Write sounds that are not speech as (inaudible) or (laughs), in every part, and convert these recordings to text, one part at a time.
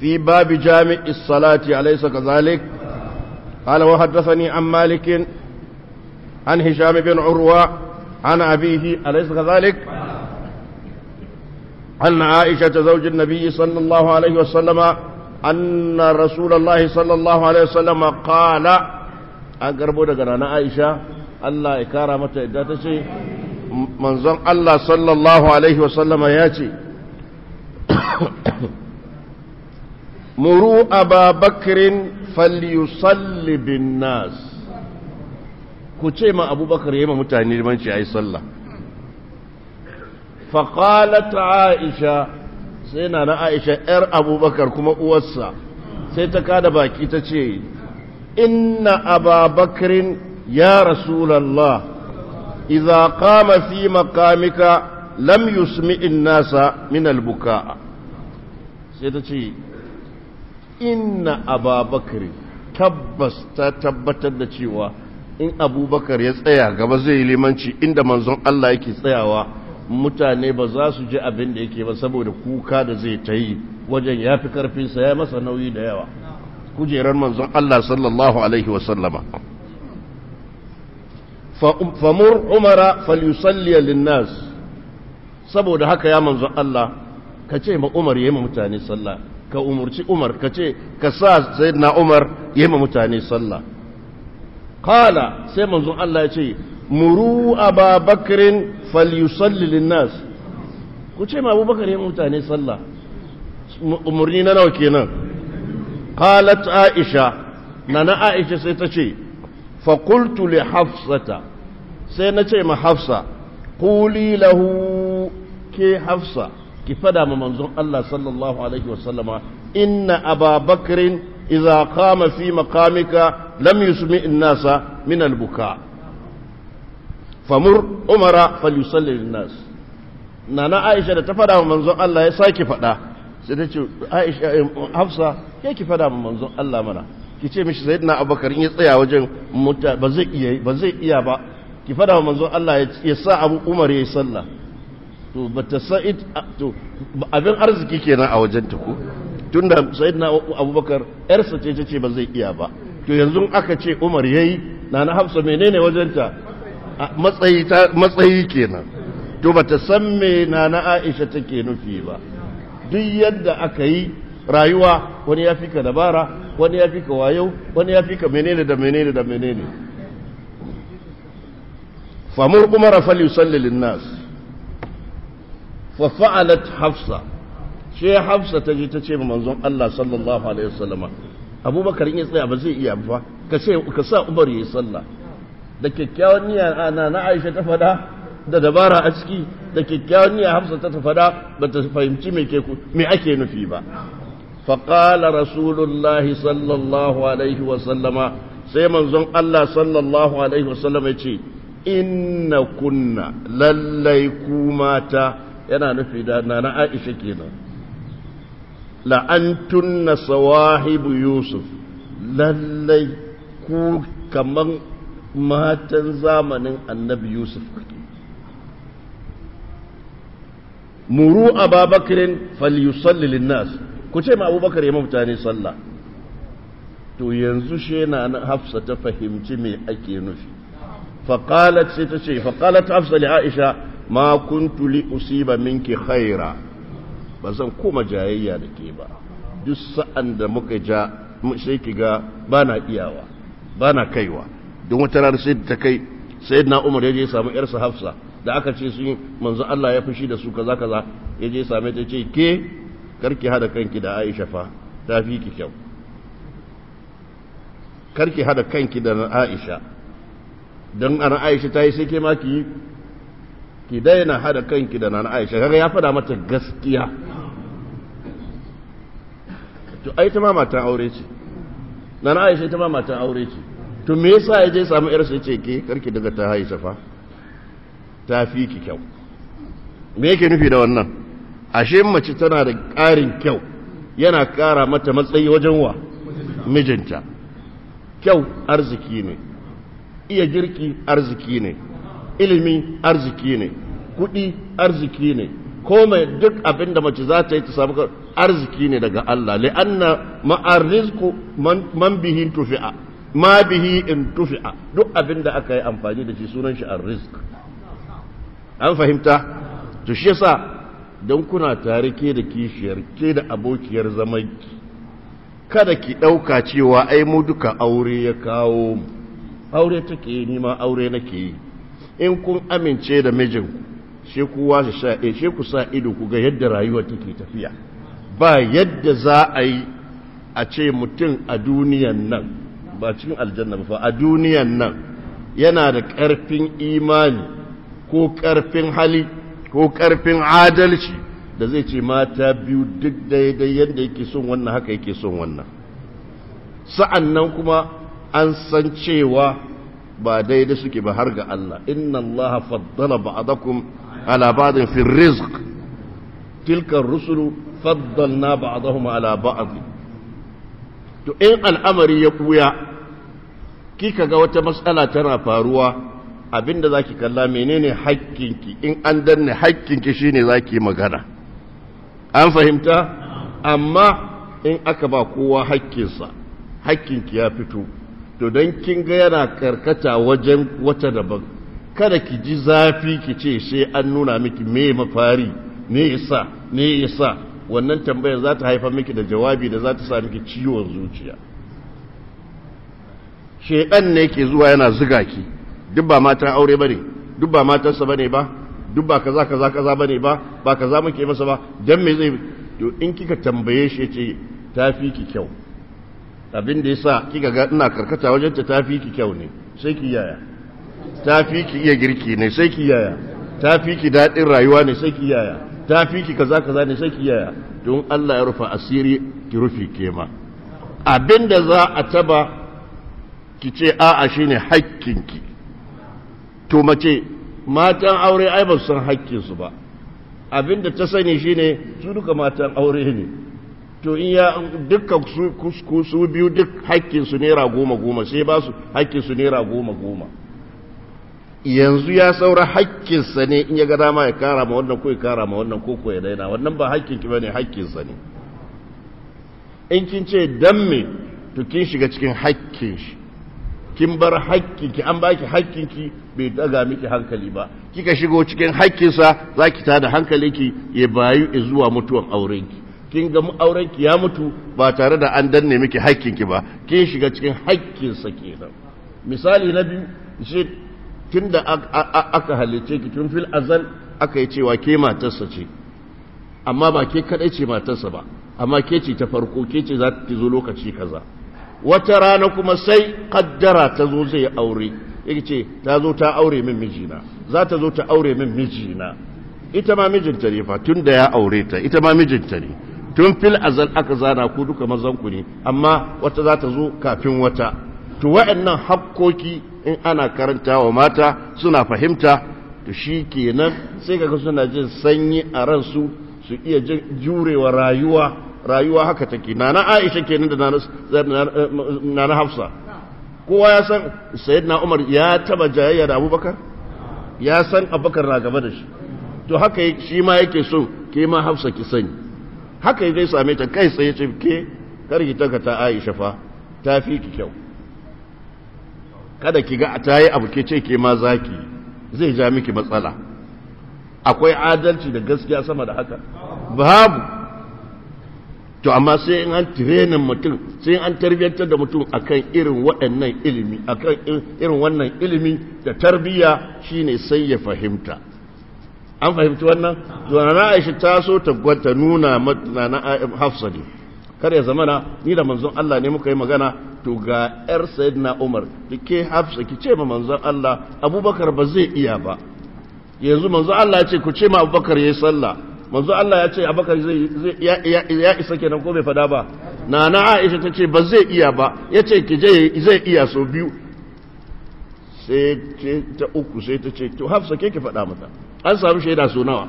في باب جامع الصلاة أليس كذلك قال وحدثني عن مالك عن هشام بن عروة عن أبيه أليس كذلك أن عائشة زوج النبي صلى الله عليه وسلم أن رسول الله صلى الله عليه وسلم قال أقربوا دقنا عائشة الله إكرامة إداتشي منظر الله صلى الله عليه وسلم ياتي مروا أبا بكر فليصلي بالناس كتيما أبو بكر يما متعني من شيء صلى فقالت عائشة سينا عائشة إر أبو بكر كما أوسع سيتكاد باكي تشي إن أبا بكر يا رسول الله إذا قام في مقامك لم يسمئ الناس من البكاء سيتشي inna ababakar tabbas ta tabbatar da cewa in abubakar ya tsaya gaba zai yi limanci inda manzon Allah yake tsayawa mutane ba za su ji abin da yake ba saboda kuka da zai ta yi wajen ya fi karfinsa ya masa nauyi da yawa kujerar manzon Allah sallallahu alaihi wasallama famur umara falusalliya linnas saboda haka ya manzon Allah ka ce ma umar ya yayi mutane sallah ka umurci umar ka ce ka sa na umar ya ma mutane sallah qala sai manzon Allah ya ce muru ababakrin falyusalli linnas ku ce ma abubakar ya mutane sallah Umarni na nawa kenan halat aisha na aisha sai ta ce fa hafsata sai na ce ma hafsa kuli lahu ke hafsa ki fada ma manzon Allah sallallahu alaihi wasallama inna ababakrin idza qama fi maqamika lam yusmi an-nasa min al-buka famur umara falyusalli lin-nas nana Aisha da ta fada ma manzon Allah ya saki fada sai ta ce Aisha eh, Hafsa ke ki fada ma manzon Allah mana ki ce mishi sayyidina Abubakar in ya tsaya wajen mutane ba zai iya ba ki fada ma manzon Allah ya sa Abu Umar ya yi sallah to bata sa'id to abin arziki kenan a wajen ta ko tunda sa'id na abubakar yarsa ce ta ce ba zai iya ba to yanzu aka ce umar yayi na na hafsa menene wajen ta matsayi matsayi kenan to bata san me na na aisha take nufi ba duk yadda aka yi rayuwa wani ya fika dabara wani ya fika wayo wani ya fika menene da menene da menene famur kuma rafali sallilin nasu fa fa'alat hafsa she hafsa ta je ta ce ma manzon Allah sallallahu alaihi wasallama abubakar in ya tsaya ba zai iya ba ka sa umar yayi sallah da kyakkyawan ana na Aisha ta faɗa da dabara a ciki da kyakkyawan niyya Hafsa ta tafada bata ba ta fahimci me ke me ake nufi ba fa qala rasulullah sallallahu alaihi wa sallama sai manzon Allah sallallahu alaihi wa sallama yace inna kunna lallai ku mata yana nufi da nana aisha kenan na sawahibu yusuf lallai ku kaman matan zamanin annabi yusuf muru ababakirin falyusalli linnas ku ce ma abubakar ya mutane sallah to yanzu shi na hafsa ta fahimci me ake nufi faƙalat sai ta ce faƙalat hafsa li aisha ma kuntu li usiba minki khaira ba zan koma jayayya da ke ba duk sa'an da muka ja sai ki ga ba na iyawa ba na kaiwa don wata rana sai ta kai sai na umar ya je samu yarsa hafsa da aka ce sun manzo Allah ya fushi da su kaza kaza ya je same ta ce ke karki hada kanki da Aisha fa ta fi ki kyau karki hada kanki da Aisha don ana Aisha ta yi sai ke ma ki ki daina hada kanki da nana aisha kaga ya fada mata gaskiya to ai ta ma aure ce nana aisha ta ma aure ce to me yasa ya je samu yarsa ya ce ke karki daga ta aisha fa ta fi ki kyau me yake nufi da wannan ashe mace tana da ƙarin kyau yana ƙara mata matsayi wajen wa mijinta kyau arziki ne iya girki arziki ne ilimi arziki ne kuɗi arziki ne komai duk abin da mace za ta yi ta samu arziki ne daga Allah na ma'ar rizku man bihi tufi'a ma bihi in tufi'a duk abin da aka yi amfani da shi sunan shi a an fahimta to shi yasa don kuna tare ke da kishiyar ke da abokiyar zaman kada ki ɗauka cewa ai mu duka aure ya kawo aure take yi ni ma aure nake yi in kun amince da mijinku shi kuwa shi eh, ku sa ido ku ga yadda rayuwa take tafiya ba yadda za a yi a ce mutum a duniyan nan ba cikin aljanna ba a duniyan nan yana da ƙarfin imani ko ƙarfin hali ko ƙarfin adalci da zai ce mata biyu duk daidai yadda yake son wannan haka yake son wannan sa'an nan kuma an san cewa ba daidai suke ba har ga Allah inna Allah faddala ba'dakum ala ba'din fi rizq tilka rusulu faddalna ba'dahum ala ba'd to in al'amari ya buya kika ga wata matsala tana faruwa abinda zaki kalla menene hakkinki in an danne hakkinki shine zaki magana an fahimta amma in aka ba kowa hakkinsa hakkinki ya fito to don kin ga yana karkata wajen wata daban kada ki ji zafi ki ce sai an nuna miki me mafari ne yasa ne yasa wannan tambayar za ta haifar miki da jawabi da za ta sa miki ciwon zuciya shedan ne ke zuwa yana ziga ki duk ba matan aure bane duk ba matarsa bane ba duk ba kaza kaza kaza bane ba ba kaza muke masa ba dan me zai to in kika tambaye shi ce tafi ki kyau abin da ya sa kika ga ina karkata wajen ta tafi ki kyau ne sai ki yaya tafi ki iya girki ne sai ki yaya tafi ki dadin rayuwa ne sai ki yaya tafi ki kaza kaza ne sai ki yaya don Allah ya rufa asiri ki rufi ma abin da za a taba ki ce a'a shine hakkinki to mace matan aure ai ba su san hakkinsu ba abin da ta sani shine su duka matan aure ne to in ya dukkan su su biyu duk hakkin su naira goma goma sai ba su hakkin su naira goma goma yanzu ya saura sa ne in ya ga dama ya kara ma wannan ko ya kara ma wannan ko ko ya daina wannan ba ki bane sa ne in kin ce dan me to kin shiga cikin hakkin shi kin bar ki an baki hakkin ki bai daga miki hankali ba kika shigo cikin hakkinsa zaki tada hankalinki ya bayu zuwa mutuwan aurenki kin ga auren ki ya mutu ba tare da an danne miki haƙƙin ki ba kin shiga cikin haƙƙin sa kenan misali na biyu shi tunda aka halice ki tun fil azal aka yi cewa ke matarsa ce amma ba ke kadai ce matarsa ba amma ke ce ta farko ke ce za ta zo lokaci kaza wata rana kuma sai kaddara ta zo zai aure yake ce ta zo ta aure min mijina za ta zo ta aure min mijina ita ma mijinta ne fa tun da ya aure ta ita ma mijinta ne tun fil azal aka zana ku duka mazan ku ne amma wata za ta zo kafin wata to wa'annan hakkoki in ana karanta wa mata suna fahimta to shi kenan sai kaga suna jin sanyi a ransu su iya jurewa rayuwa rayuwa haka take nana Aisha kenan da nana Hafsa kowa ya san sayyidina Umar ya taba jayayya da Abubakar ya san Abubakar na gaba da shi to haka shi ma yake so ke ma Hafsa ki sani haka zai same ta kai tsaye ce ke karki ta ta Aisha fa ta fi ki kyau kada ki ga ta yi abu ke ce ke ma zaki zai ja miki matsala akwai adalci da gaskiya sama da haka babu to amma sai in an tirenin mutum sai an tarbiyyantar da mutum akan irin waɗannan ilimi akan irin wannan ilimi da tarbiyya shine sai ya fahimta an fahimci wannan na aisha ta so ta gwata nuna na hafsa ne kar ya zamana ni da manzon Allah ne muka yi magana to ga yar sayyidina umar da ke hafsa ki ce ma manzon Allah abubakar ba zai iya ba yanzu manzon Allah ya ce ku ce ma abubakar ya yi sallah manzon Allah ya ce abubakar zai ya isa kenan ko bai fada ba nana aisha ta ce ba zai iya ba ya ce ki je zai iya so biyu sai ta uku sai ta ce to hafsa ke ki faɗa mata an samu shaida so nawa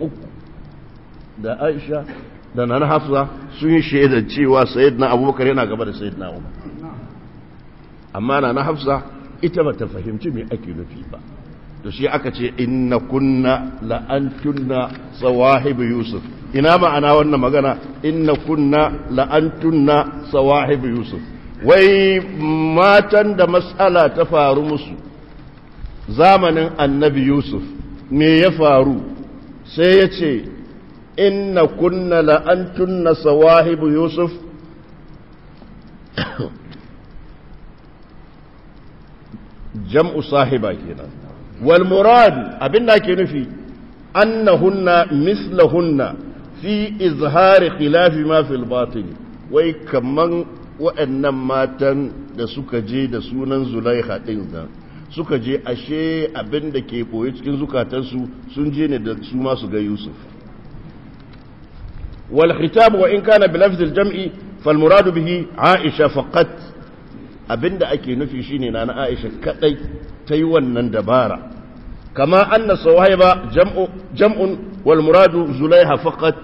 uku da aisha da nan hafsa sun yi shaida cewa sayyidina abubakar yana gaba da sayyidina umar amma na na hafsa ita ba ta fahimci me ake nufi ba to shi aka ce inna kunna la sawahibu yusuf ina ma'ana wannan magana inna kunna la antunna sawahibu yusuf wai matan da mas'ala ta faru musu zamanin annabi yusuf me ya faru sai ya ce inna kunna la'antun na sawahibu yusuf (coughs) jam'u sahiba kenan wal murad abin da ke nufi annahunna mislahunna fi izhari khilafi ma fil batin wai kaman wa'annan matan da suka je da sunan zulaiha din nan suka je ashe abin da ke koyi cikin zukatansu sun je ne da su masu ga yusuf wal khitab wa in kana bil lafzil jam'i fal murad bihi aisha faqat da ake nufi shine na na aisha kadai ta yi wannan dabara kama anna sawahiba jam'u jam'un wal murad zulaiha faqat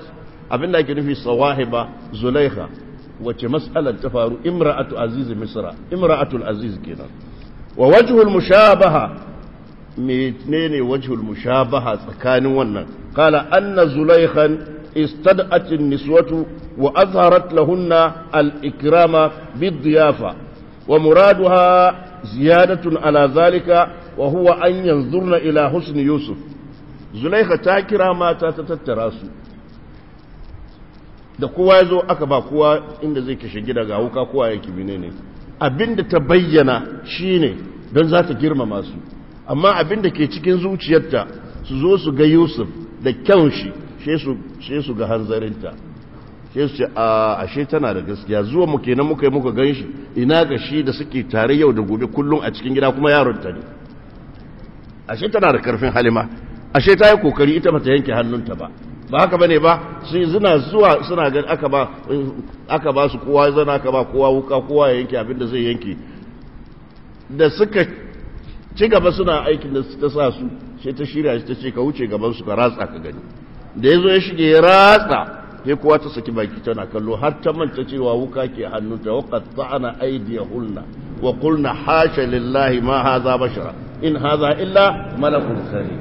da ake nufi sawahiba zulaiha wace mas'alar ta faru imra'atu azizi misra imra'atu aziz kenan ووجه المشابهة ميتنين وجه المشابهة سكان ونن قال أن زليخا استدأت النسوة وأظهرت لهن الإكرام بالضيافة ومرادها زيادة على ذلك وهو أن ينظرن إلى حسن يوسف زليخة تاكرا ما تتتراسو da kowa ya zo aka ba kowa inda zai kashe gida abinda ta bayyana shine don za ta girmama su amma abinda ke cikin zuciyarta su zo su ga yusuf da kyan shi sai su ga hanzarinta shi su ce a ashe tana da gaskiya zuwa mu kenan muka yi muka gan shi ina ga shi da suke tare yau da gobe kullum a cikin gida kuma yaronta ne ashe tana da karfin halima ashe ta yi kokari ita ba ta yanke hannunta ba ba haka bane ba sai zina zuwa suna gan aka ba aka ba su kowa zana aka ba kowa wuka kowa ya yanke abin da zai yanke da suka ci gaba suna aikin da ta sa su sai ta shirya shi ta ce ka wuce gaban su ka ratsa ka gani da ya zo ya shige ya ratsa sai kowa ta saki baki tana kallo har ta manta cewa wuka ke hannu hannunta wa qatta'ana aydiyahunna wa qulna hasha lillahi ma hadha bashara in hadha illa malakun karim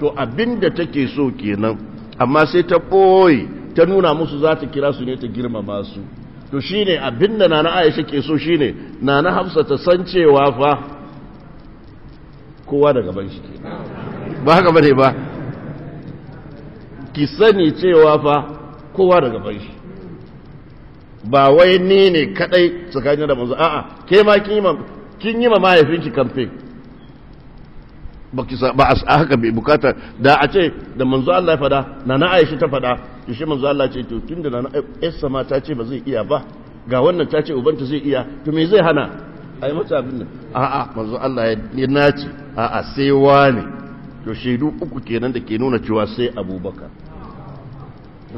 to abinda take so kenan amma sai ta ɓoye ta nuna musu za ta kira su ne ta girmama su to shine abin da nana aisha ke so shine nana hafsa ta san cewa fa kowa da gaban shi ke ba haka bane ba ki sani cewa fa kowa da gaban shi ba wai ni ne kadai tsakanin da mazu a'a ke ma kin yi ma mahaifinki kamfe baki ba a haka bai bukata da a ce da manzo Allah ya fada na na Aisha ta fada shi manzo Allah ce to tunda na Aisha ma ta ce ba zai iya ba ga wannan ta ce ubanta zai iya to me zai hana ai mata abin nan a'a manzo Allah ya nace a'a sai wani to shaidu uku kenan da ke nuna cewa sai Abubakar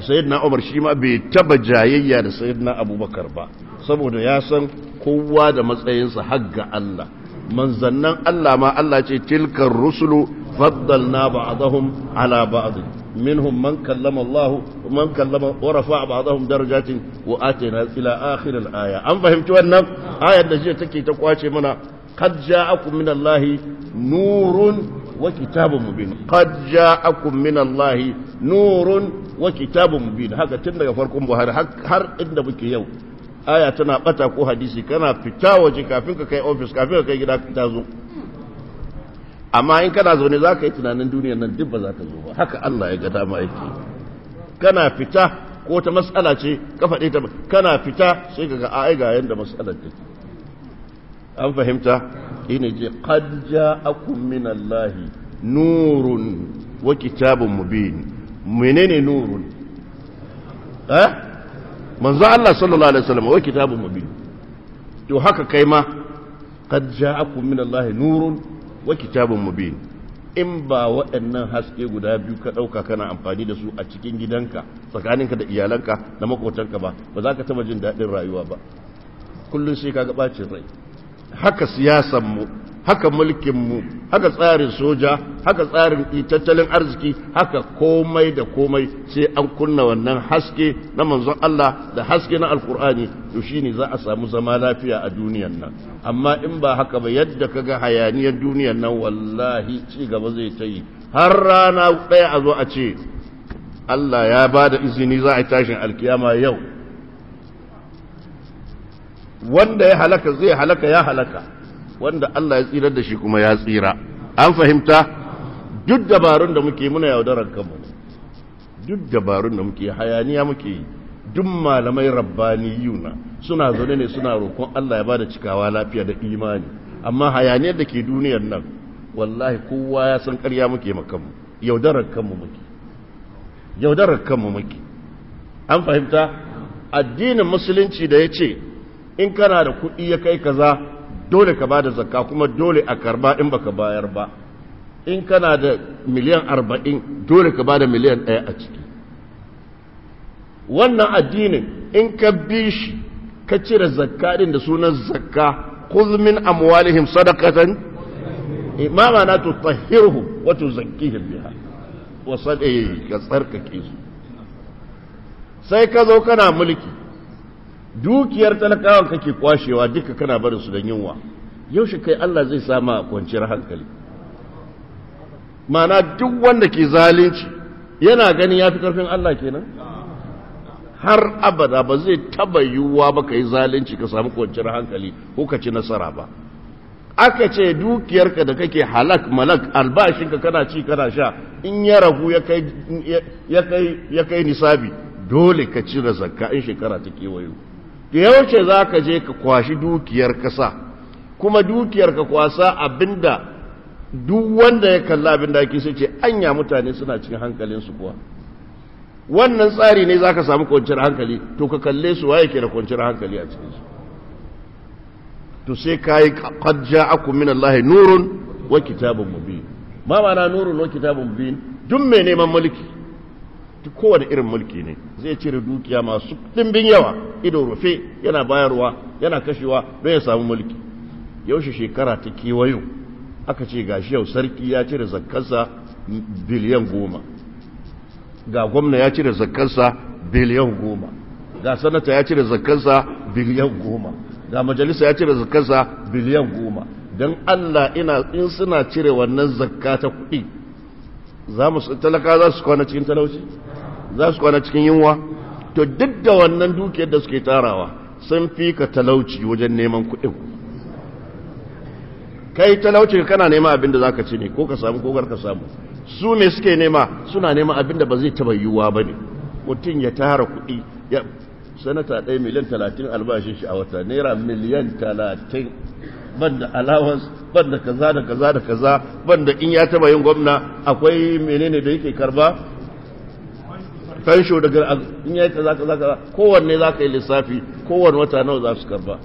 sayyidina Umar shi ma bai taba jayayya da sayyidina Abubakar ba saboda ya san kowa da matsayinsa har ga Allah manzannan Allah ma Allah ce tilkar rusulu faddalna ba'dahum ala ba'd minhum man kallama Allah man kallama wa rafa'a ba'dahum darajatin wa atina ila akhir al-aya an fahimci wannan ayar da jiya take ta kwace mana qad ja'akum min Allah nurun wa kitabun mubin qad ja'akum min Allah nurun wa kitabun mubin haka tun daga farkon Buhari har inda muke yau aya tana bata ko hadisi kana fita waje kafin ka kai ofis kafin ka kai gida ka zo amma in kana zaune za ka yi tunanin duniyar nan duk ba za ka zo ba haka Allah ya ga dama yake kana fita ko ta matsala ce ka faɗe ta kana fita sai ka ga ai ga yanda matsalar take an fahimta shine je qad ja'akum min Allah nurun wa kitabun mubin menene nurun eh manzo Allah sallallahu alaihi wasallam wai kitabun mubin to haka kai ma qad ja'akum min Allah nurun wa kitabun mubin in ba waɗannan haske guda biyu ka ɗauka kana amfani da su a cikin gidanka tsakaninka da iyalanka da makotanka ba ba za ka taɓa jin daɗin rayuwa ba kullum sai ka ɓacin rai haka siyasanmu haka mulkinmu haka tsarin soja haka tsarin tattalin arziki haka komai da komai sai an kunna wannan haske na manzon Allah da haske na alkur'ani to shine za a samu zama lafiya a duniyan nan amma in ba haka ba yadda kaga hayaniyar duniyan nan wallahi ci gaba zai ta yi har rana ɗaya a zo a ce Allah ya ba da izini za a tashin alkiyama yau wanda ya halaka zai halaka ya halaka wanda Allah ya tsira da shi kuma ya tsira an fahimta duk dabarun da muke muna yaudarar kanmu duk dabarun da muke hayaniya muke yi duk malamai rabbaniyuna suna zaune ne suna roƙon Allah ya bada cikawa lafiya da imani amma hayaniyar da ke duniyar nan wallahi kowa ya san ƙarya muke makanmu yaudarar kanmu muke yaudarar kanmu muke an fahimta addinin musulunci da ya ce in kana da kuɗi ya kai kaza dole ka bada zakka kuma dole a karba in baka bayar ba in kana da miliyan arba'in dole ka ba da miliyan ɗaya a ciki wannan addinin in ka bi shi ka cire zakka da sunan zakka kuzmin amwalihim sadakatan imama eh, na tutahhirhum wa tuzakkihim biha wa sadai eh, ka tsarkake su sai ka zo kana mulki dukiyar talakawan kake kwashewa duka kana barin su da yunwa yaushe kai Allah zai sama kwanciyar hankali mana duk wanda ke zalunci yana gani ya fi ƙarfin Allah kenan har abada ba zai taba yiwuwa ba ka yi zalunci ka samu kwanciyar hankali ko ka ci nasara ba aka ce dukiyarka da kake halak malak albashinka kana ci kana sha in ya ragu ya kai nisabi dole ka cire zakka in shekara ta kewayo da yawanci za ka je ka kwashi dukiyar kasa kuma dukiyar ka kwasa abinda duk wanda ya kalla abin da ake sai ce anya mutane suna cikin su kuwa wannan tsari ne zaka samu kwanciyar hankali to ka kalle su waye ke da kwanciyar hankali a cikin su to sai kai qad ja'akum min Allah nurun wa kitabun mubin ma ma'ana nurun wa kitabun mubin duk mai neman mulki duk kowane irin mulki ne zai cire dukiya masu dimbin yawa ido rufe yana bayarwa yana kashewa don ya samu mulki yaushe shekara ta kewayo aka ce shi yau sarki ya cire zakkansa biliyan goma ga gwamna ya cire zakkansa biliyan goma ga sanata ya cire zakkansa biliyan goma ga majalisa ya cire zakkansa biliyan goma don allah ina in suna cire wannan zakka ta kuɗi za mu talaka za su kwana cikin talauci za su kwana cikin yunwa to duk da wannan dukiyar da suke tarawa sun fi ka talauci wajen neman kuɗin kai talauci kana nema abin da za ka ci ne ko ka samu ko ka samu su ne suke nema suna nema abin da ba zai taba yiwuwa ba ne mutum ya tara kuɗi ya sanata ɗaya miliyan talatin albashin shi a wata naira miliyan talatin banda allowance banda kaza da kaza da kaza banda in ya taba yin gwamna akwai menene da yake karba fansho daga in ya yi kaza kaza kaza kowanne za ka yi lissafi kowanne wata nawa za su karba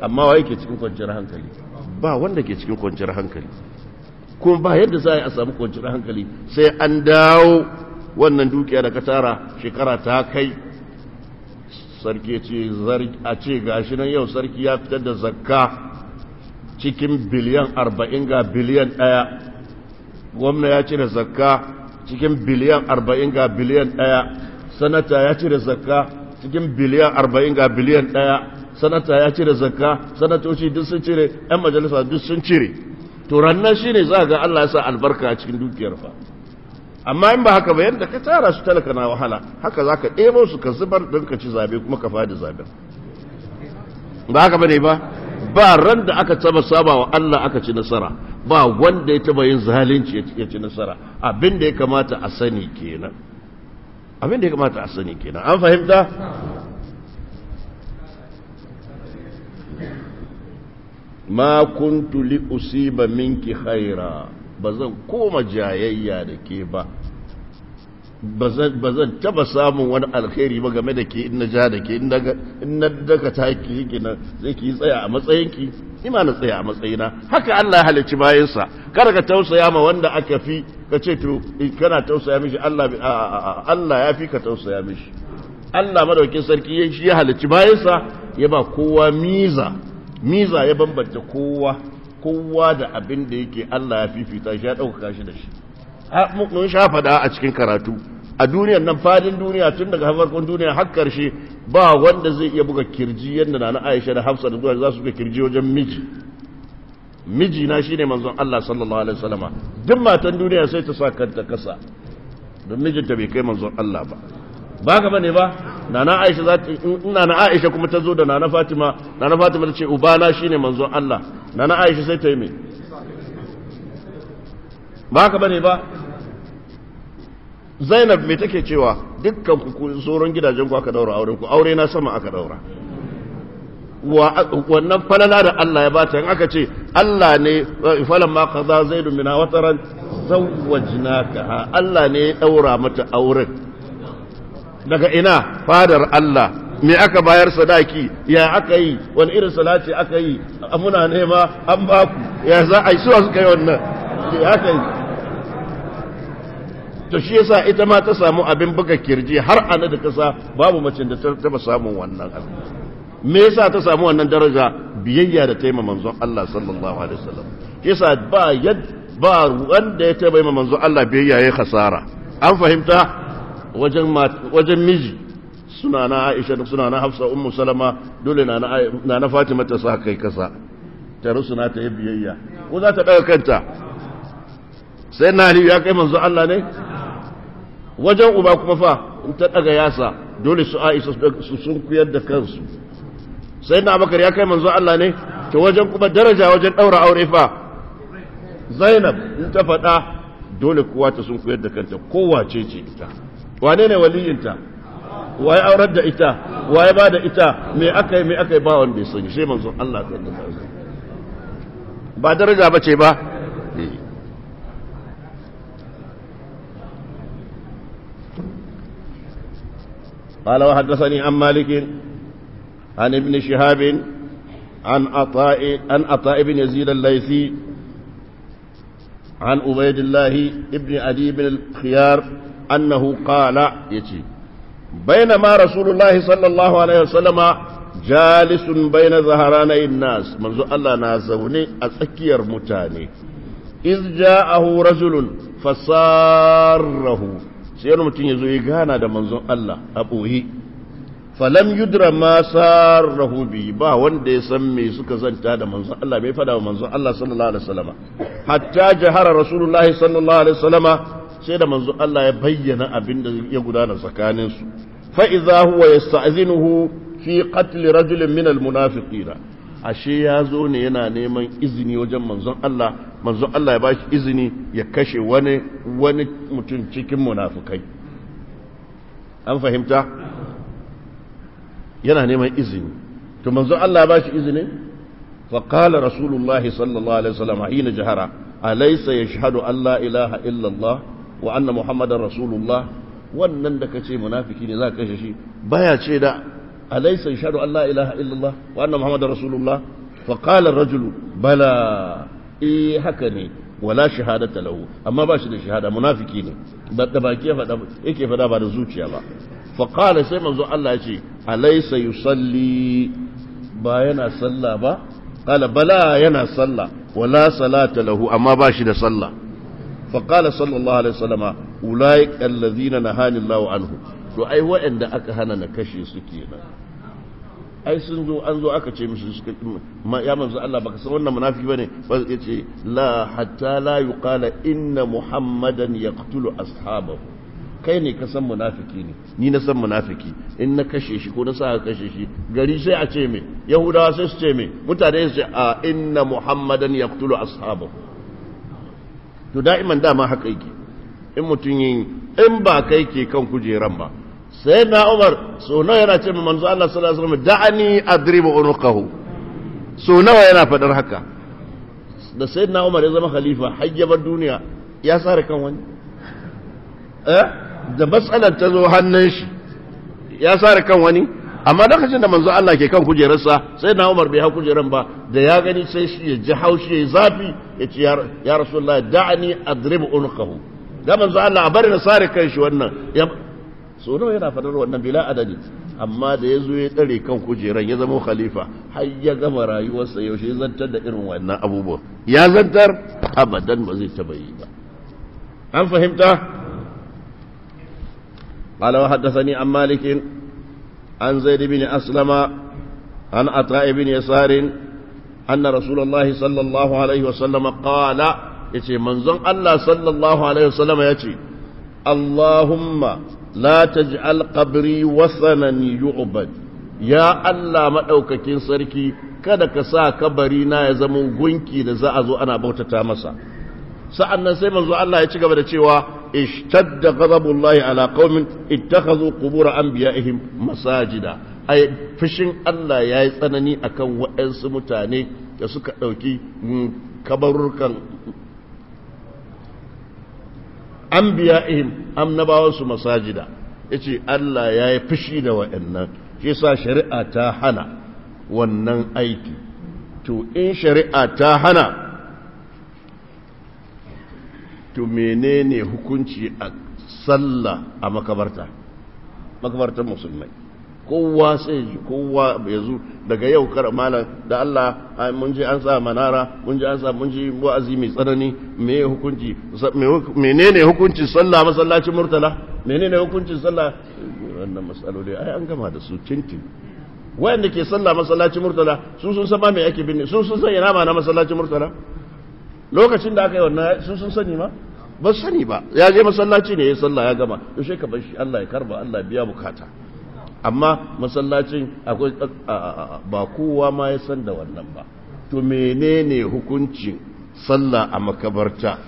amma wa yake cikin kwanciyar hankali ba wanda ke cikin kwanciyar hankali kuma ba yadda za a samu kwanciyar hankali sai an dawo wannan dukiya da ka tara shekara ta kai sarki ce a ce gashi nan yau sarki ya fitar da zakka cikin biliyan arba'in ga biliyan ɗaya gwamna ya cire zakka cikin biliyan arba'in ga biliyan ɗaya sanata ya cire zakka cikin biliyan arba'in ga biliyan ɗaya sanata ya cire zakka sanatoci duk sun cire yan majalisa duk sun cire to rannan shine za ga Allah ya sa albarka a cikin dukiyar fa amma in ba haka ba yadda ka tara su talaka na wahala haka za ka ɗebo su ka zubar don ka ci zabe kuma ka fadi zaɓe. ba haka ba ne ba ba ran da aka taba saba wa Allah aka ci nasara ba wanda ya taba yin zalunci ya ci nasara abin da ya kamata a sani kenan abin da ya kamata a sani kenan an fahimta ma kuntu li usiba minki khaira ba zan koma jayayya da ke ba ba zan taba samun wani alkhairi ba game da ke in na ja da ke in na daga taki yake na zai ki tsaya a matsayinki ima na tsaya a matsayina haka Allah ya halicci bayansa kada ka tausaya ma wanda aka fi ka ce to kana tausaya mishi Allah Allah ya fi ka tausaya mishi Allah madaukin sarki ya halicci bayansa ya ba kowa miza miza ya bambanta kowa kowa da abin da yake Allah ya fifita shi ya ɗaukaka shi da shi mun sha faɗa a cikin karatu a duniyar nan fadin duniya tun daga farkon duniya har karshe ba wanda zai iya buga kirji yadda na na Aisha da Hafsa da zuwa za su buga kirji wajen miji miji na shine manzon Allah sallallahu alaihi wasallama duk matan duniya sai ta sa kanta kasa don mijinta bai kai manzon Allah ba ba ka bane ba nana aisha za ta nana aisha kuma ta zo da nana fatima nana fatima ta ce ubana shine manzo Allah nana aisha sai ta yi mai ba ka bane ba Zainab me take cewa dukkan ku tsoron gidajen ku aka daura auren ku aure na sama aka daura wannan falala da Allah ya bata in aka ce Allah ne falan ma kaza zaidu mina wataran zawwajnaka Allah ne ya daura mata auren daga ina fadar Allah me aka bayar sadaki ya aka yi wani irin salati aka yi muna nema an ba ku ya za a yi suwa suka yi wannan ya aka yi to shi yasa ita ma ta samu abin buga kirji har ana da kasa babu macin da ta taba samun wannan abin me yasa ta samu wannan daraja biyayya da taimaka manzon Allah sallallahu alaihi wasallam yasa ba yad ba wanda ya taimaka manzon Allah biyayya ya khasara an fahimta wajen miji suna na aisha suna na hafsa ummu salama dole na na fatima ta sa kai kasa tare suna ta yi biyayya ko za ta daga kanta sai na ya kai manzo Allah ne wajen uba kuma fa in ta daga yasa dole su aisha su sun kuyar da kansu sai na abakar ya kai manzo Allah ne ta wajen kuma daraja wajen daura aure fa zainab in ta faɗa dole kowa ta sun kuyar da kanta kowace ce ita wane ne waliyinta wa aurar da ita wa ba da ita me aka yi me aka yi ba wanda ya sani sai manzon Allah ta alaihi ba daraja bace ba قال وحدثني عن مالك عن ابن شهاب عن عطاء عن عطاء بن يزيد الليثي عن عبيد الله ابن ادي بن الخيار annahu qala yace bainama rasulullahi sallallahu alaihi wasallama jalisun baina zaharanayin nas manzo Allah na zaune a tsakiyar mutane iz ja'ahu rajulun fasarrahu sai wani mutum ya zo ya gana da manzon Allah a ɓoye falam yudra ma biyu ba wanda ya san me suka zanta da manzon Allah bai fada wa manzon Allah sallallahu alaihi wasallama hatta sallallahu alaihi sai da manzo Allah ya bayyana abin da ya gudana tsakanin su fa idza huwa yasta'zinuhu fi qatl rajulin min almunafiqina ashe ya zo ne yana neman izini wajen manzon Allah manzon Allah ya bashi izini ya kashe wani wani mutum cikin munafikai an fahimta yana neman izini to manzon Allah ya bashi izini fa qala rasulullahi sallallahu alaihi wasallam hina jahara alaysa yashhadu an la ilaha illa Allah wa anna muhammadar rasulullah wannan da ka ce munafiki ne za ka kashe shi baya ce da alaysa yashhadu an la ilaha illallah wa anna muhammadar rasulullah fa qala ar-rajul bala eh haka ne wala shahadata lahu amma ba shi da shahada munafiki ne da baki ya faɗa yake faɗa ba da zuciya ba fa qala sai manzo Allah ya ce alaysa yusalli ba yana sallah ba qala bala yana sallah wala salata lahu amma ba shi da sallah فقال صلى الله عليه وسلم أولئك الذين نهاني الله عنه to ai waɗanda aka hana na kashe su kenan ai sun zo an zo aka ce musu suka ya manzo Allah baka san wannan munafiki bane ba ya ce la hatta la yuqala inna muhammadan yaqtulu ashabahu kai ne ka san munafiki ne ni na san munafiki in na kashe shi ko na sa ka kashe shi gari sai a ce me yahudawa sai su ce me mutane su ce a inna muhammadan yaqtulu ashabahu to da'iman dama haka yake in mutum yin in ba kai ke kan kujeran ba sai na umar so nawa yana ce ma manzo Allah sallallahu alaihi wasallam da'ani adribu unqahu so nawa yana fadar haka da sai na umar ya zama khalifa hajjabar duniya ya sare kan wani eh da matsalar ta zo hannun shi ya sare kan wani amma lokacin da manzo Allah ke kan kujerarsa sai na Umar bai hau kujeran ba da ya gani sai shi ya ji haushi ya zafi ya ce ya Rasulullah da'ani adrib unqahu da manzo Allah a bari na sare kan shi wannan ya so nawa yana fadar wannan bila adadi amma da ya zo ya tsare kan kujeran ya zama khalifa har ya gama rayuwarsa yaushe zantar da irin wannan abubuwan ya zantar abadan ba zai taba yi ba an fahimta قال وحدثني عن مالك عن زيد بن أسلم عن عطاء بن يسار أن رسول الله صلى الله عليه وسلم قال يتي منزون الله صلى الله عليه وسلم يتي اللهم لا تجعل قبري وثنا يعبد يا الله مدوكاكين سركي kada ka sa kabari na ya zama gunki da za a zo ana bautata masa sa'an nan sai manzo Allah ya ci gaba da cewa اشتد غضب الله على قوم اتخذوا قبور انبيائهم مساجدا اي فشن الله ياي تsanani akan waɗansu متاني da suka dauki kabarurkan anbiya'ihim su masajida yace Allah yayi fushi da waɗannan shi yasa shari'a ta hana wannan aiki to in shari'a ta hana to menene hukunci a sallah a makabarta makabartar musulmai kowa sai ji kowa bai zu daga yau kar malam da Allah mun je an sa manara mun je an sa mun ji wa'azi mai tsanani me hukunci menene hukunci sallah masallacin murtala menene hukunci sallah wannan masalolai ai an gama da su tintin wayanda ke sallah masallacin murtala sun sun san ma me ake binne sun sun san ina ma na masallacin murtala lokacin da aka yi wannan sun sun sani ma ba sani ba ya je masallaci ne ya sallah ya gama yaushe ka bar shi Allah ya karba Allah biya bukata amma masallacin akwai ba kowa ma ya san da wannan ba to menene hukuncin sallah a makabarta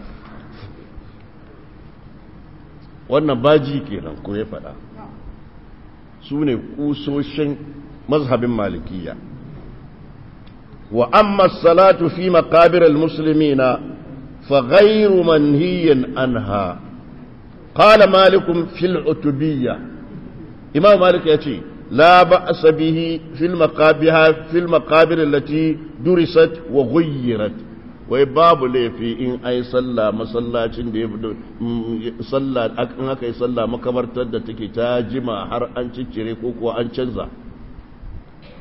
wannan baji kenan ko ya faɗa su ne kusoshin mazhabin malikiya wa amma salatu fi maqabir al-muslimina فغير منهي عنها قال مالك في العتبية إمام مالك يأتي لا بأس به في المقابر في المقابر التي درست وغيرت وباب لي في إن أي صلى مصلى صلى أكنك صلى مكبر تدتك تاجما هر أن تشركوك وأن تشنزا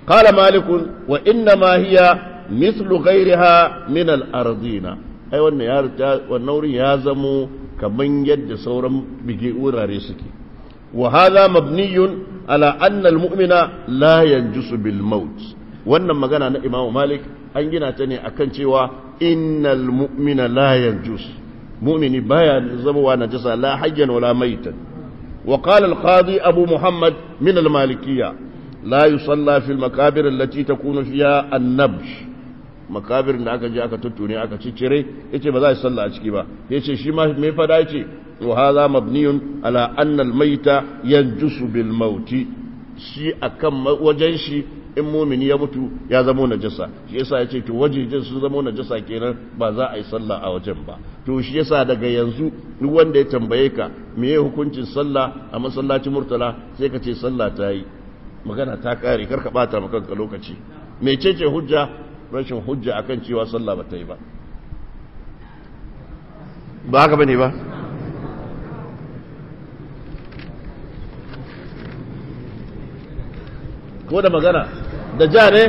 قال مالك وإنما هي مثل غيرها من الأرضين ai wannan ya wannan wurin ya zamo kaman yadda sauran bige wurare suke wa hadha mabniyun ala anna almu'mina la yanjusu bil maut wannan magana na Imam Malik an gina ta ne akan cewa innal mu'mina la yanjus mu'mini baya wa najasa la hayyan wala maitan wa qala al qadi abu muhammad min al malikiyya la yusalla fi al makabir allati takunu fiha an nabsh makabirin da aka je aka tuttune aka ciccire yace ba za a yi sallah a ciki ba yace shi ma me fada yace wa hadha mabniyun ala anna maita 'yan bil mauti shi akan wajen shi in mumini ya mutu ya zamo najasa shi yasa yace to wajejin sun zamo najasa kenan ba za a yi sallah a wajen ba to shi yasa daga yanzu duk wanda ya tambaye ka meye hukuncin sallah a masallacin murtala sai ka ce sallah ta yi magana ta kare kar ka bata maka lokaci mecece hujja rashin hujja akan cewa sallah ba ta yi ba ba haka bane ba ko da magana da ja ne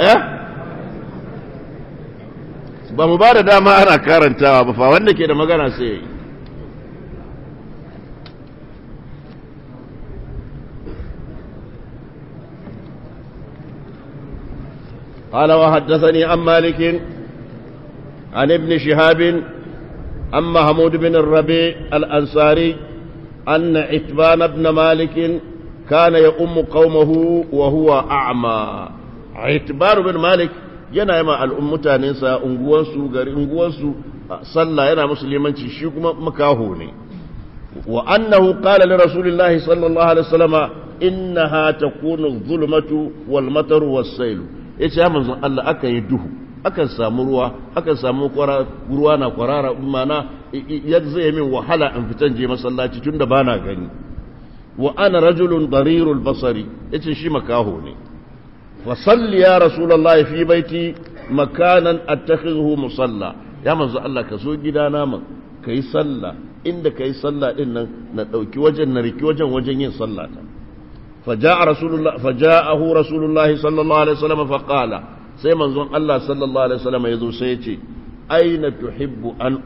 eh ba mu ba da dama ana karantawa ba fa wanda ke da magana sai قال وحدثني عن مالك عن ابن شهاب عن محمود بن الربيع الأنصاري أن عتبان بن مالك كان يؤم قومه وهو أعمى عتبان بن مالك جنا يما الأمة ننسى أنقوانسو غري أنقوانسو صلى هنا مسلما تشيك مكاهوني وأنه قال لرسول الله صلى الله عليه وسلم إنها تكون الظلمة والمطر والسيل ya ce ya manzan Allah aka yi duhu akan samu ruwa akan samu ruwa na kwarara mana ya zai min wahala in fitan je masallaci tun tunda bana gani wa ana rajulun darirul basari ce shi makaho ne fa salli ya rasulullahi fi baiti makanan attakhidhu musalla ya manzan Allah ka zo gidana man kai salla inda kai sallah din nan na dauki wajen na riki wajen wajen yin sallah فجاء رسول الله فجاءه رسول الله صلى الله عليه وسلم فقال sai manzon Allah sallallahu alaihi wasallam ya zo ce aina tuhibbu an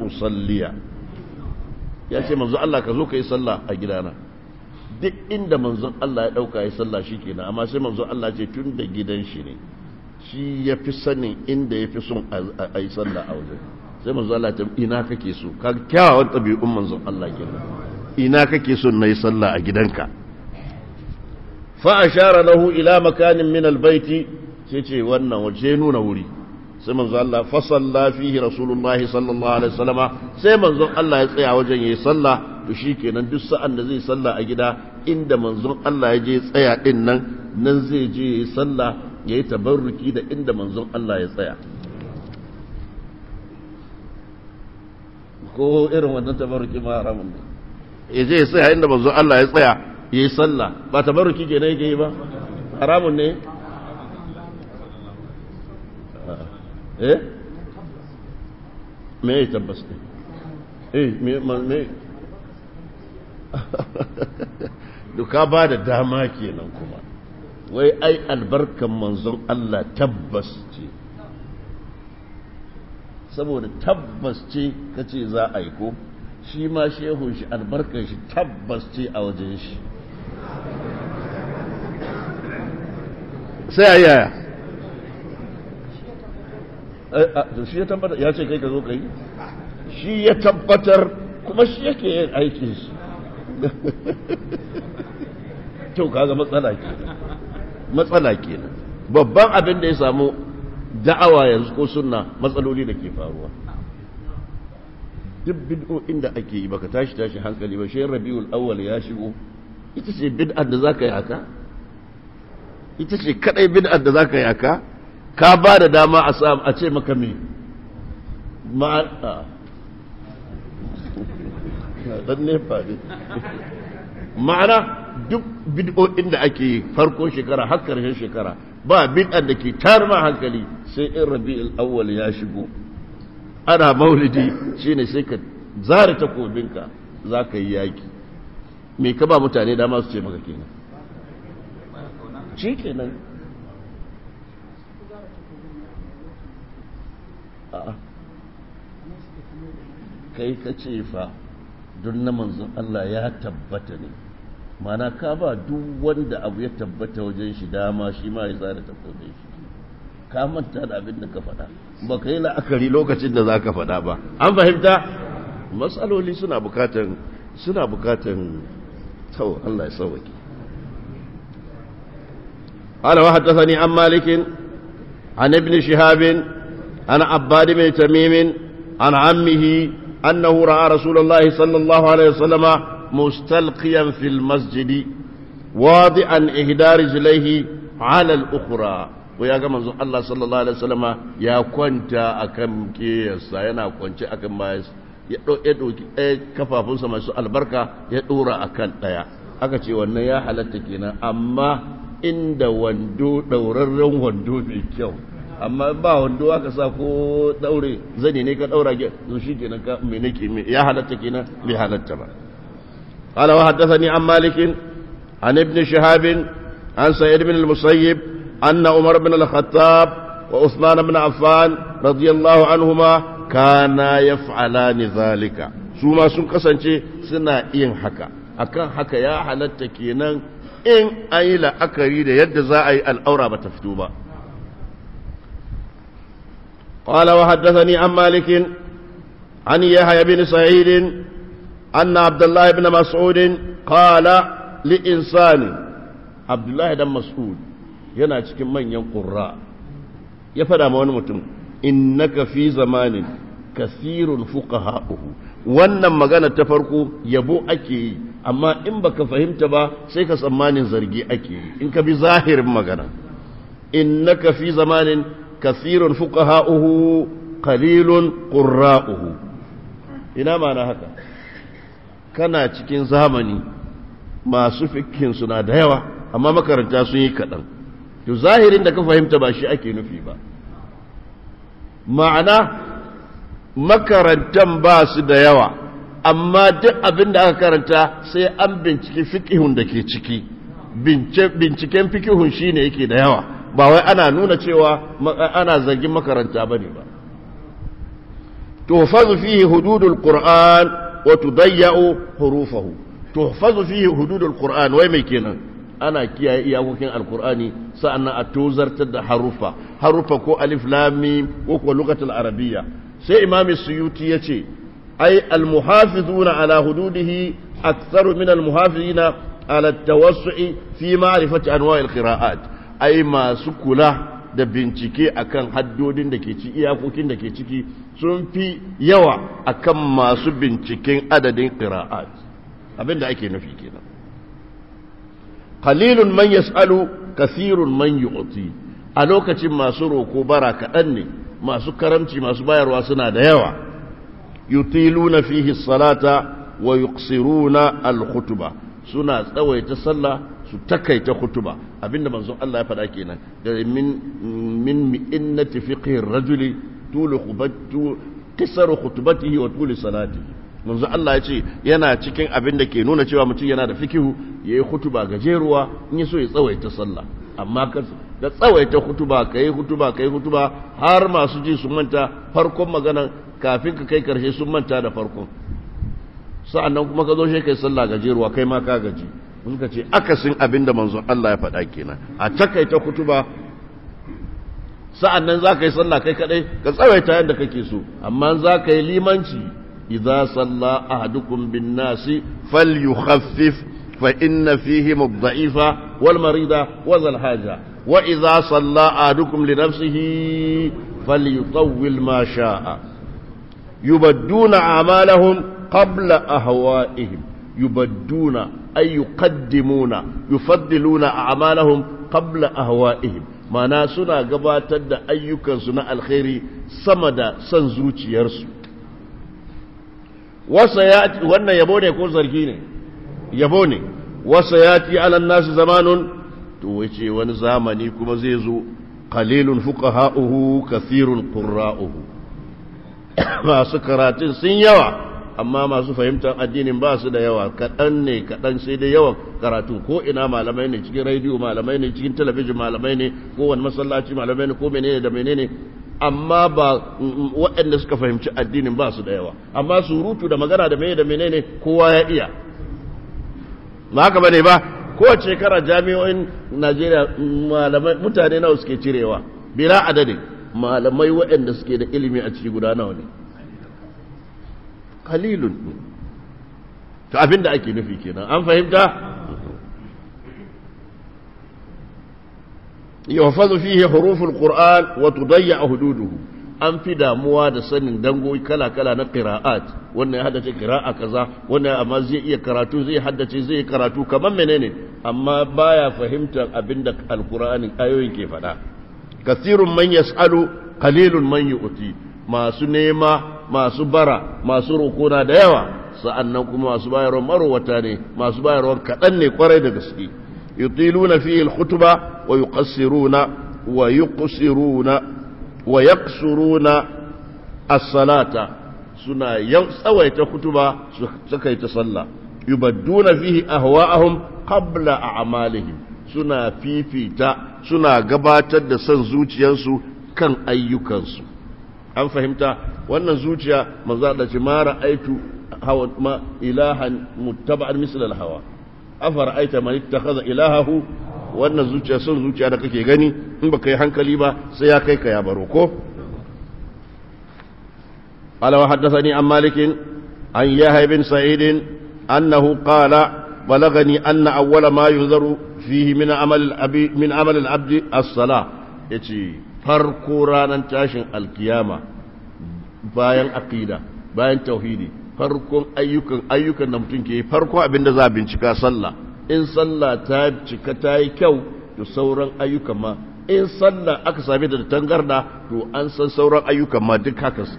ya ce manzon Allah ka zo ka yi sallah a gidana duk inda manzon Allah ya ɗauka ya sallah shikenan amma sai manzon Allah ce tun da gidan shi ne shi ya fi sanin inda ya fi son a yi sallah a wajen sai manzon Allah ta ina kake so kyawawan ɗabi'un manzon Allah kenan ina kake so na yi sallah a gidanka fa ashara lahu ila makanin min albayti sai ce wannan waje nuna wuri sai manzo Allah fa salla fihi sallallahu alaihi wasallama sai manzo Allah ya tsaya wajen yi sallah to shikenan duk sa'an da zai salla a gida inda manzo Allah ya je tsaya din nan nan zai je yi sallah yi tabarruki da inda manzo Allah ya tsaya ko irin wannan tabarruki ma haramun ne ya je ya tsaya inda manzo Allah ya tsaya yayi sallah ba tabarruki ke yake yi ba haramun ne ah, eh me ya tabbas ne eh me me (laughs) duka ba da dama kenan kuma wai ai albarkan manzon Allah tabbas ce saboda tabbas ce kace za a yi ko shi ma shehun shi albarkan shi tabbas ce a wajen shi sai a yaya eh, ah, shi ya tabbatar ya ce kai ka zo ka yi shi ya tabbatar kuma shi yake yin aikin shi kyau (laughs) kaga matsala kenan matsala kenan babban abin da ya samu da'awa yanzu ko sunna matsaloli da ke faruwa duk bid'o'in da ake yi baka tashi tashi hankali ba shi rabiul awwal ya shigo ita ce bid'ar da zaka yaka ita ce kadai bid'ar da zaka yaka ka ba da dama a sa a ce maka me ma dan ne ma'ana duk bid'o'in da ake farkon shekara har karshen shekara ba bid'ar da ke tar ma hankali sai in rabi'ul awwal ya shigo ana maulidi shine sai ka zara takobinka za ka yi yaki me ka ba mutane dama su ce maka kenan shi kenan kai ka ce fa don na manzon Allah ya tabbata ne mana ka ba duk wanda abu ya tabbata wajen shi dama shi ma ya tsara tabbobin shi ka manta da abin da ka faɗa ba ka yi la'akari lokacin da za ka faɗa ba an fahimta matsaloli suna bukatan suna bukatan تو الله يسويك قال وحدثني عن مالك عن ابن شهاب عن عباد بن تميم عن عمه أنه رأى رسول الله صلى الله عليه وسلم مستلقيا في المسجد واضعا إهدى رجليه على الأخرى ويا كما الله صلى الله عليه وسلم يا كنت أكم كيس يا كنت أكم بايس ya ɗauki ɗaya kafafunsa masu albarka ya ɗora a kan ɗaya aka ce wannan ya halatta kenan amma inda wando ɗaurarren wando mai kyau amma ba wando aka sa ko ɗaure zane ne ka ɗaura to shi kenan ka mai nake ya halatta kenan bai halatta ba قال an عن مالك عن ابن شهاب عن سعيد بن المسيب bin عمر بن الخطاب وعثمان بن عفان رضي الله عنهما kana ya fa'ala ni zalika su ma sun kasance suna yin haka akan haka ya halatta kenan in ayi la'akari da yadda za a yi al'aura ba ta fito ba haddasa ni an مالك an يحيى بن saidin أن عبد الله بن مسعود قال li'in sani abdullahi dan mas'ud yana cikin manyan ƙurra ya fada ma wani mutum innaka fi zamanin kasirun fuqaha'uhu wannan magana ta farko yabo ake yi amma in baka fahimta ba sai ka tsammanin zargi ake yi in ka bi zahirin magana innaka fi zamanin kasirun fuqaha'uhu qalilun qurra'uhu ina ma'ana haka kana cikin zamani masu fikin suna da yawa amma makaranta sun yi kaɗan to zahirin da ka fahimta ba shi ake nufi ba ma'ana makarantan ba su da yawa amma duk abin da aka karanta sai an binciki fikihun da ke ciki binciken fikihun shi ne yake da yawa ba wai ana nuna cewa ana zargin makaranta ba ne ba tuhfazu fihi hududul qur'an wa tudayya'u hurufahu tuhfazu fihi hududul qur'an wai mai kenan ana kiyaye iyakokin alqur'ani sa'annan a tozartar da harufa harufa ko alif lam mim ko ko lugatul arabiyya sai imami suyuti ya ce ai almuhafizuna ala hududihi tsaro min almuhafizina ala tawassu'i fi ma'rifati anwa'il kira'at ai masu kula da bincike akan haddodin da ke ci iyakokin da ke ciki sun fi yawa akan masu binciken adadin kira'at abinda ake nufi kenan khalilun man yas'alu kasirun man yu'ti a lokacin masu roko bara kaɗan ne masu karamci masu bayarwa suna da yawa yutiluna fihi salata wa yuqsiruna al-khutba suna tsawaita sallah su takaita khutba abinda manzon Allah ya faɗa kenan da min min mi'annati fiqhi ar-rajuli tulu khutbatu kisaru khutbatihi wa tulu salatihi manzon Allah ya ce yana cikin abinda ke nuna cewa mutum yana da fikihu yayi yi gajeruwa in yaso ya tsawaita sallah amma da tsawaita hutuba ka yi hutuba ka yi hutuba har masu ji su manta farkon magana kafin ka kai karshe sun manta da farkon sa'annan kuma ka zo shi kai sallah gajeruwa kai ma ka gaji mun ka ce akasin abin da manzon Allah ya faɗa kenan a takaita hutuba sa'annan za ka yi sallah kai kaɗai ka tsawaita yadda kake so amma za ka yi limanci idza salla ahadukum bin nasi falyukhaffif fa inna fihim ad wal marida wa zal haja وإذا صلى أحدكم لنفسه فليطول ما شاء يبدون أعمالهم قبل أهوائهم يبدون أي يقدمون يفضلون أعمالهم قبل أهوائهم ما ناسنا قبات أيك سنا الخير صمد سنزوج يرسو وسيأتي وأن يبوني يكون زركيني يبوني وسيأتي على الناس زمان to wace wani zamani kuma zai zo qalilun fuqaha'uhu kathirun qurra'uhu (coughs) masu karatun sun yawa amma masu fahimtar addinin ba su da yawa kaɗan ne kaɗan sai dai yawan karatun ko ina malamai ne cikin rediyo malamai ne cikin talabijin malamai ne ko wani masallaci malamai ne ko menene da menene amma ba mm, mm, waɗanda suka fahimci addinin ba su da yawa amma surutu da magana da menene da menene kowa ya iya ba haka bane ba kowace shekara jami'o'in najeriya malamai mutane nawa suke cirewa bila adadin malamai waɗanda suke da ilimi a ciki guda nawa ne kalilun to da ake nufi kenan an fahimta hurufin فيه wato dayya a hududu an fi damuwa da sanin dangoyi kala-kala na qira'at wannan ya haddace qira'a kaza wannan amma zai iya karatu zai haddace zai yi karatu kamar menene amma baya fahimtar abinda alqur'anin ayoyin ke faɗa kasirun man yas'alu qalilun man yu'ti masu nema masu bara masu rukuna da yawa sa'annan kuma masu bayarwar marowata ne masu bayarwar kaɗan ne kwarai da gaske yutiluna fihi alkhutba wa yuqassiruna wa yuqsiruna wa yaqsuruna as-salata suna yau tsawaita kutuba su sakaita sallah yubadduna fihi ahwa'ahum qabla a'malihim suna fifita suna gabatar da son zuciyarsu kan ayyukansu an fahimta wannan zuciya maza da ce ma ra'aitu hawa ma ilahan muttaba'an misal al-hawa aita man ittakhadha ilahahu wannan zuciya sun zuciya da kake gani in ba ka yi hankali ba sai ya kai ka ya baro ko alawa haddasa ni an malikin an yi haibin sa'idin an na hukala balagani an na awwala ma yi amalin abdi asala. ya farko ranar tashin alkiyama bayan akida bayan tauhidi farkon ayyukan ayyukan da mutum ke farko da za a bincika sallah in sallah ta cika ta yi kyau to sauran ayyukan ma in sallah aka sami da tangarda to an san sauran ayyukan ma duk haka su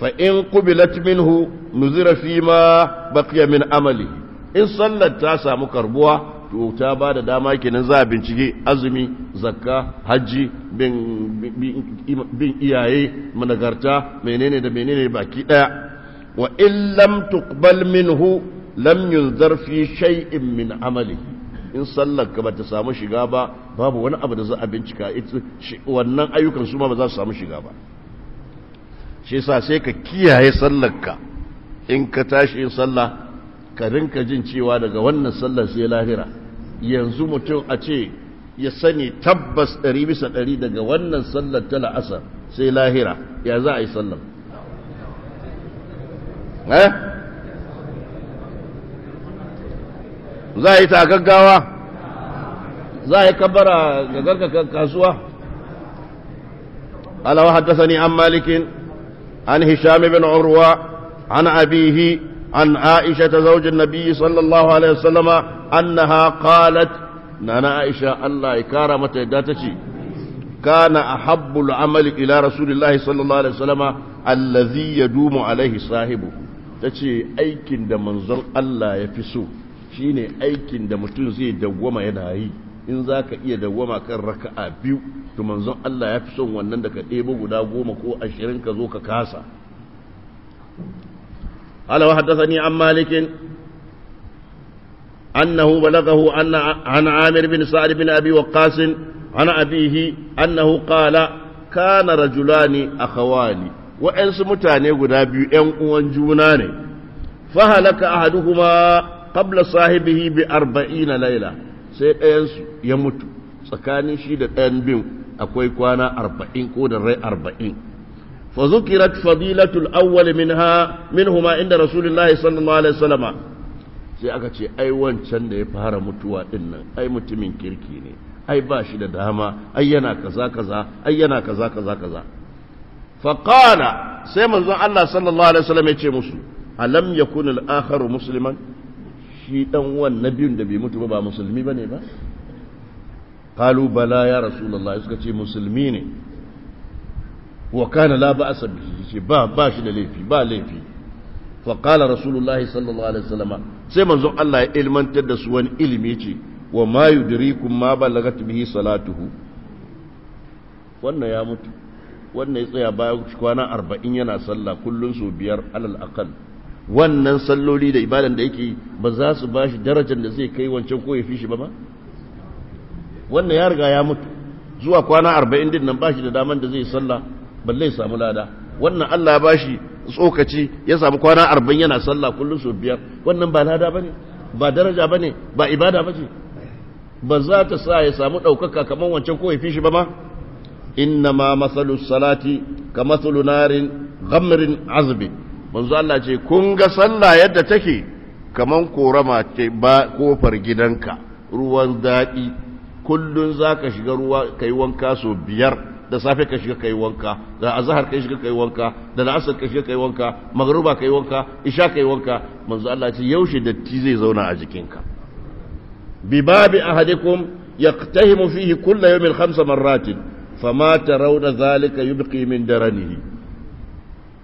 fa in qubilat minhu nuzira fi ma baqiya min amali in sallar ta samu karbuwa to ta ba da dama kenan za a bincike azumi zakka hajji bin iyaye managarta menene da menene baki daya wa in lam tuqbal minhu lam yuzdar fi shay'in min amalihi in sallar ka bata samu shiga ba babu wani abu da za a bincika wannan ayyukan su ma ba za su samu shiga ba shi yasa sai ka kiyaye sallar ka in ka tashi in sallah ka rinka jin cewa daga wannan sallar sai lahira yanzu mutum a ce ya sani tabbas ɗari bisa ɗari daga wannan sallar ta la'asar sai lahira ya za a yi sallar eh? za a yi ta gaggawa za a yi kabbara ga garka kasuwa alawa haddasani an malikin an hisham ibn urwa an abihi an aisha ta zaujin nabi sallallahu alaihi wasallama annaha qalat nana aisha Allah ya kara mata yadda ta ce kana ahabbul amali ila rasulillahi sallallahu alaihi wasallama allazi yadumu alaihi sahibu tace aikin da manzon Allah ya fi so shine aikin da mutum zai dawwama yana yi in za ka iya dawwama kan raka'a biyu to manzon Allah ya fi son wannan da ka ɗebo guda goma ko ashirin ka zo ka kasa ala wa haddasa ni an malikin annahu balagahu an amir bin sa'ad bin abi wa qasin annahu qala kana rajulani akhawani wa ensu mutane guda biyu ƴan uwan juna ne fa halaka ahaduhuma qabla sahibihi bi arba'ina laila sai ɗayansu ya mutu tsakanin shi da ɗayan bin akwai kwana arba'in ko da rai arba'in fa zukirat fadilatul awwal minha minhuma inda rasulullahi sallallahu alaihi wasallama sai aka ce ai wancan da ya fara mutuwa din nan ai mutumin kirki ne ai ba shi da dama ai yana kaza kaza ai yana kaza kaza kaza fa qala sai manzon Allah sallallahu alaihi wasallam ya ce musu alam yakun al-akharu musliman shi dan wan nabiyun da bai mutu ba ba musulmi bane ba qalu bala ya rasulullahi suka ce musulmi ne wa kana la ba asabi yace ba ba shi da laifi ba laifi fa qala rasulullahi sallallahu alaihi wasallam sai manzo Allah ya ilmantar da su wani ilimi ce wa ma yudrikum ma ballagat bihi salatuhu wannan ya mutu wannan ya tsaya baya kwana 40 yana sallah kullun su biyar alal aqal wannan salloli da ibadan da yake ba za su ba shi darajar da zai kai wancan ko ya fi shi ba ba wannan ya riga ya mutu zuwa kwana arba'in din nan ba shi da daman da zai sallah balle ya samu lada wannan Allah ba shi tsokaci ya samu kwana arba'in yana sallah kullum sau biyar wannan ba lada ba ne ba daraja ba ne ba ibada ba ce ba za ta sa ya samu ɗaukaka kamar wancan ko ya fi shi ba ma innama salati ka masalu narin ghamrin azbi manzo Allah ce kun ga sallah yadda take kaman korama ce ba kofar gidanka ruwan daɗi kullun zaka shiga ruwa kai wanka so biyar da safe ka shiga kai wanka da azhar ka shiga kai wanka da la'asar ka shiga kai wanka magruba kai wanka isha kai wanka manzo Allah ce yaushe datti zai zauna a jikinka bi babi ahadikum yaqtahimu fihi kullu yawmin khamsa marratin fama tarawna zalika yubqi min daranihi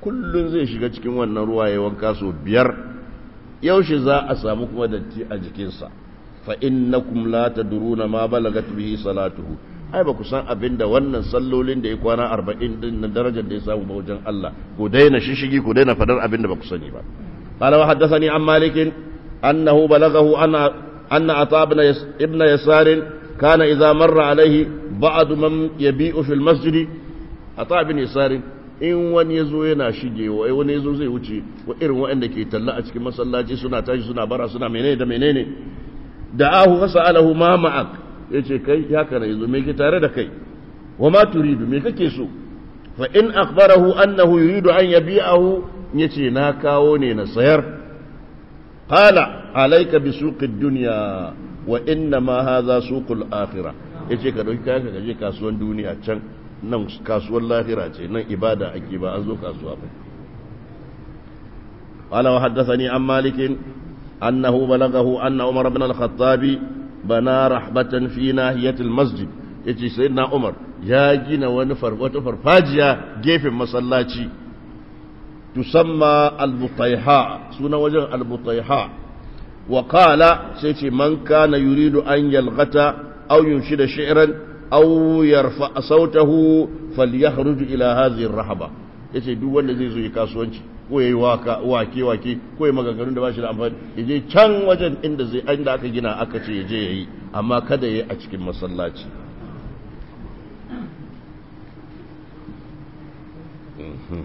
kullum zai shiga cikin wannan ruwa ya wanka so biyar yaushe za a samu kuma datti a jikinsa fa innakum la tadruna ma balagat bihi salatuhu ai ba ku san abin da wannan sallolin da ya kwana arba'in din na darajar da ya samu ba wajen Allah ku daina shishigi ku daina fadar abin da ba ku sani ba qala wa haddathani an malikin annahu balagahu ana anna ata ibn yasar kana idza marra alayhi ba'd man yabi'u fil masjid ata ibn yasar in wani ya zo yana shigewa eh, wani ya zo zai wuce wa irin waɗanda ke talla a cikin masallaci suna tashi suna bara suna menene da menene da ahu alahu ma ma'ak ya ce kai ya kana yanzu me ke tare da kai wa ma turidu me kake so fa in akhbarahu annahu yuridu an yabi'ahu ya ce na kawo ne na sayar qala alayka bi suqid dunya wa inna ma hadha suqul akhirah yace ka dauki kayan ka je kasuwan duniya can nan kasuwar lahira ce nan ibada ake ba an zo kasuwa ba qala wa haddathani an malikin annahu balagahu anna umar ibn al-khattab bana rahbatan fi nahiyati masjid yace sayyidina umar ya gina wani wata farfajiya gefen masallaci tusamma al-butayha sunan wajen al-butayha wa qala sai ce man kana yuridu an yalghata aw yunshida shi'ran aw yarfa sautahu falyakhruj ila hadhihi ar-rahaba yace duk wanda zai zo yi kasuwanci ko yayi waka wake wake ko yayi maganganun da bashi da amfani yaje can wajen inda zai inda aka gina aka ce yaje yayi amma kada yayi a cikin masallaci mm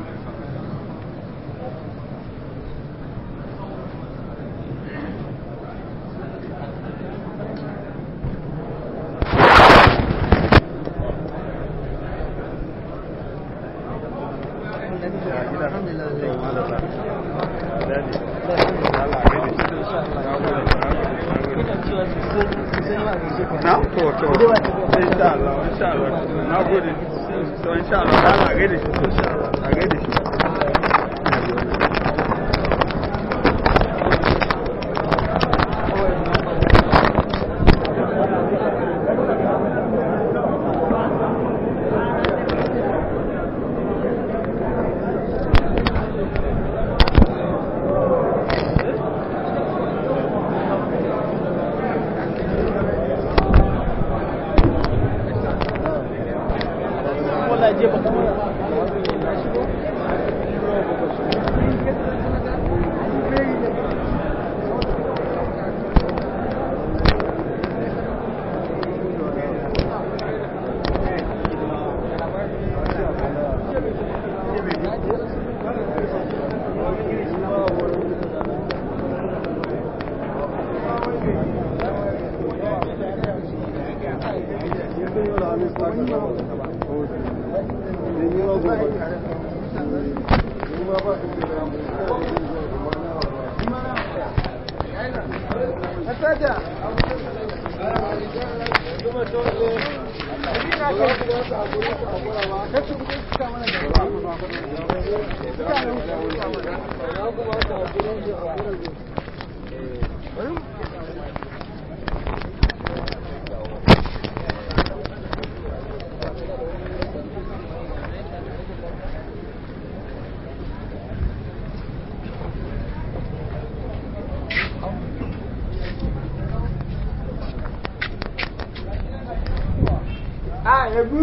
Ana, где походу?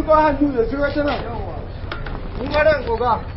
我喊你，你听不见啊！你过来，哥哥。